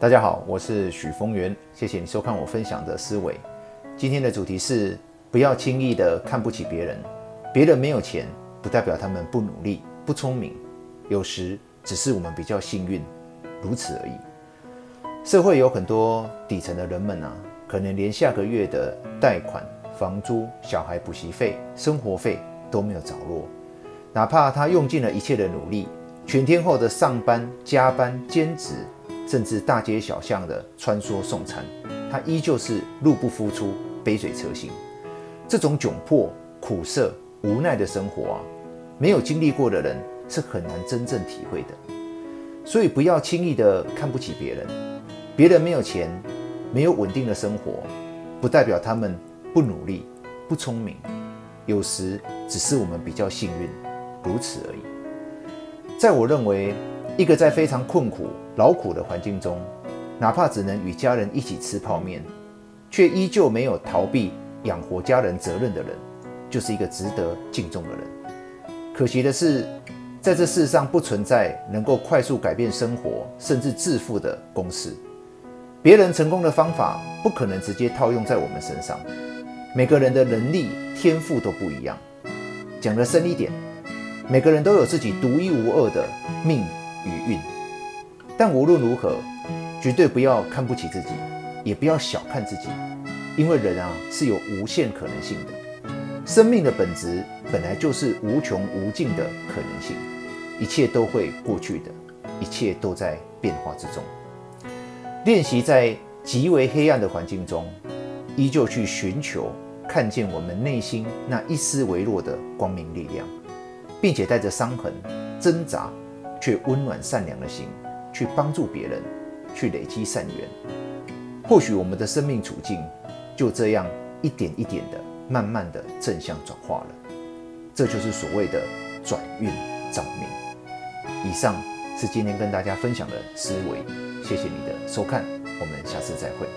大家好，我是許峰源，謝謝你收看我分享的思維。今天的主題是不要輕易地看不起別人，別人沒有錢不代表他們不努力、不聰明，有時只是我們比較幸運，如此而已。社會有很多底層的人們啊，可能連下個月的貸款、房租、小孩補習費、生活費都沒有着落，哪怕他用盡了一切的努力，全天候的上班、加班、兼職。甚至大街小巷的穿梭送餐，他依舊是入不敷出、杯水車薪。這種窘迫、苦澀、無奈的生活啊，沒有經歷過的人是很難真正體會的。所以不要輕易地看不起別人，別人沒有錢、沒有穩定的生活，不代表他們不努力、不聰明，有時只是我們比較幸運，如此而已。在我認為，一個在非常困苦。勞苦的環境中，哪怕只能與家人一起吃泡麵，卻依舊沒有逃避養活家人責任的人，就是一個值得敬重的人。可惜的是，在這世上不存在能夠快速改變生活甚至致富的公司。別人成功的方法，不可能直接套用在我們身上。每個人的能力、天賦都不一樣。講得深一點，每個人都有自己獨一無二的命與運。但無論如何，絕對不要看不起自己，也不要小看自己，因為人啊是有無限可能性的。生命的本質本來就是無窮無盡的可能性，一切都會過去的，一切都在變化之中。練習在極為黑暗的環境中，依舊去尋求看見我們內心那一絲微弱的光明力量，並且帶着傷痕、掙扎卻溫暖善良的心。去幫助別人，去累積善緣，或許我們的生命處境就這樣一點一點的、慢慢的正向轉化了。這就是所謂的轉運、造命。以上是今天跟大家分享的思維，謝謝你的收看，我們下次再會。